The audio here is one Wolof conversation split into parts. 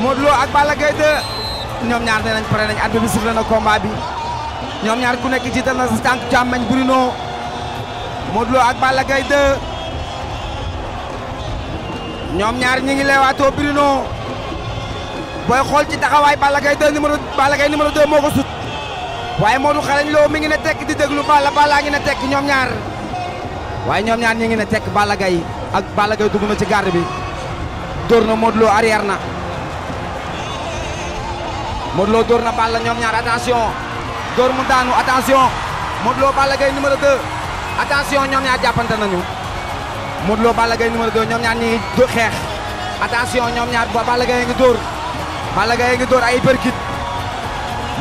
Modou ak Balla Gaye 2 ñoom ñaar nee nañ pare nañ arbitre bi sifflé na combat bi ñoom ñaar ku nekk jiital na sa tànk càmmeñ Bruno Modou Lo ak Balla Gaye 2 ñoom ñaar ñi ngi leewaatoo Bruno booy xool ci taxawaay Balla Gaye 2 numéro Balla Gaye numéro 2 moo ko sut waaye Modou xarañ Lo mi ngi ne tekk di déglu Balla Balla ngi ne tekk ñoom ñaar waaye ñoom ñaar ñi ngi ne tekk Balla Gaye ak Balla gay dugg ci garde bi dóor na Modou Lo na Modou Lo dóor na Balla ñoom ñaar attention dóor mu daanu attention Modou Lo Balla Gaye numéro 2 ñoom ñaar jàppante nañu Modou Lo Balla Gaye numéro 2 ñoom ñaar ñi ngi xeex attention ñoom ñaar ba Balla Gaye ngi dóor Balla Gaye ngi dóor ay perkit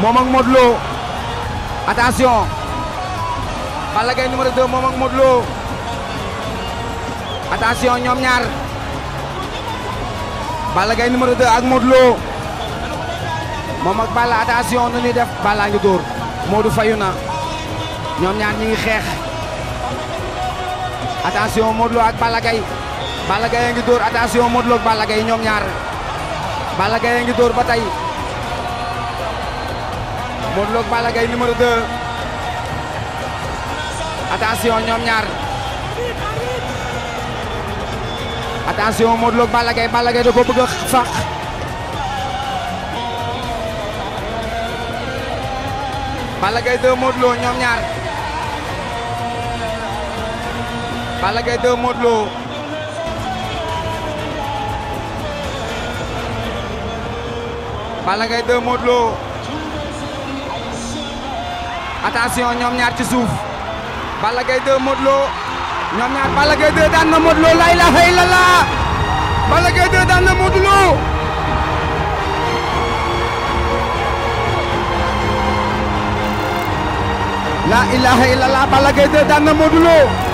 moom ak Modou Lo attention Balla Gaye numéro 2 moom ñoom ñaar Balla Gaye numéro 2 ak Modou moom ak Balla attention nu ñuy def Balla ngi dóor Modou fayu na ñoom ñaar ñi ngi xeex attention Modou Lo ak Balla Gaye Balla Gaye a dóor attention Modou Lo ak Balla Gaye ñoom ñaar Balla Gaye ngi dóor ba tey Modou Lo ak Balla Gaye numéro 2 attention ñoom ñaar attention Modou Lo ak Balla Gaye Balla Gaye da ko bëgg a fax Balla Gaye 2 Modou ñoom ñaar Balla Gaye 2 Modou Lo Balla Gaye 2 Modou Lo ñoom ñaar ci suuf Balla Gaye 2 ñoom ñaar Balla Gaye daan na Modou Lo la ilaha illallah la ilaha illallah Balla Gaye 2 daan na